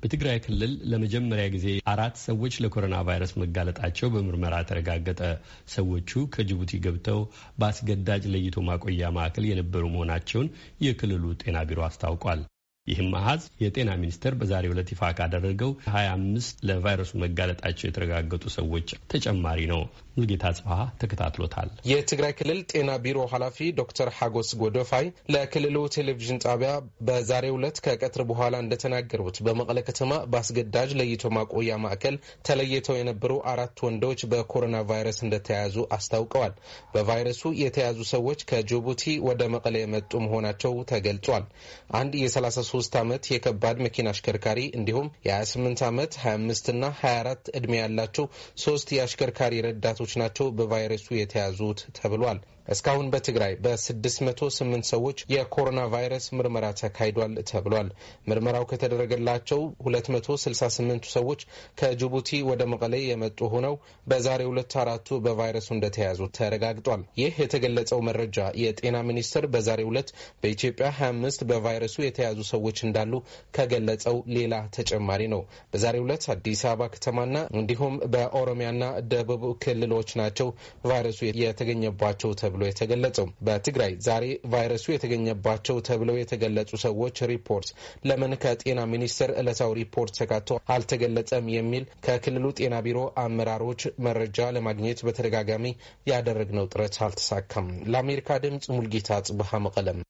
በትግራይ ክልል ለመጀመሪያ ጊዜ አራት ሰዎች ለኮሮና ቫይረስ መጋለጣቸው በምርመራ ተረጋገጠ። ሰዎቹ ከጅቡቲ ገብተው በአስገዳጅ ለይቶ ማቆያ ማዕከል የነበሩ መሆናቸውን የክልሉ ጤና ቢሮ አስታውቋል። ይህም አሀዝ የጤና ሚኒስቴር በዛሬው ዕለት ይፋ ካደረገው 25 ለቫይረሱ መጋለጣቸው የተረጋገጡ ሰዎች ተጨማሪ ነው። ሙልጌታ ጽባሀ ተከታትሎታል። የትግራይ ክልል ጤና ቢሮ ኃላፊ ዶክተር ሐጎስ ጎዶፋይ ለክልሉ ቴሌቪዥን ጣቢያ በዛሬው ዕለት ከቀትር በኋላ እንደተናገሩት በመቀለ ከተማ በአስገዳጅ ለይቶ ማቆያ ማዕከል ተለይተው የነበሩ አራት ወንዶች በኮሮና ቫይረስ እንደተያያዙ አስታውቀዋል። በቫይረሱ የተያዙ ሰዎች ከጅቡቲ ወደ መቀለ የመጡ መሆናቸው ተገልጿል። አንድ የ33 23 ዓመት የከባድ መኪና አሽከርካሪ እንዲሁም የ28 ዓመት 25 እና 24 ዕድሜ ያላቸው ሶስት የአሽከርካሪ ረዳቶች ናቸው በቫይረሱ የተያዙት ተብሏል። እስካሁን በትግራይ በ608 ሰዎች የኮሮና ቫይረስ ምርመራ ተካሂዷል ተብሏል። ምርመራው ከተደረገላቸው 268 ሰዎች ከጅቡቲ ወደ መቀሌ የመጡ ሆነው በዛሬ ሁለት አራቱ በቫይረሱ እንደተያዙ ተረጋግጧል። ይህ የተገለጸው መረጃ የጤና ሚኒስቴር በዛሬ ሁለት በኢትዮጵያ 25 በቫይረሱ የተያዙ ሰዎች ሰዎች እንዳሉ ከገለጸው ሌላ ተጨማሪ ነው። በዛሬው ዕለት አዲስ አበባ ከተማና እንዲሁም በኦሮሚያና ደቡብ ክልሎች ናቸው ቫይረሱ የተገኘባቸው ተብሎ የተገለጸው። በትግራይ ዛሬ ቫይረሱ የተገኘባቸው ተብለው የተገለጹ ሰዎች ሪፖርት ለምን ከጤና ሚኒስቴር ዕለታዊ ሪፖርት ተካቶ አልተገለጸም የሚል ከክልሉ ጤና ቢሮ አመራሮች መረጃ ለማግኘት በተደጋጋሚ ያደረግነው ጥረት አልተሳካም። ለአሜሪካ ድምፅ ሙልጌታ ጽብሃ መቀለም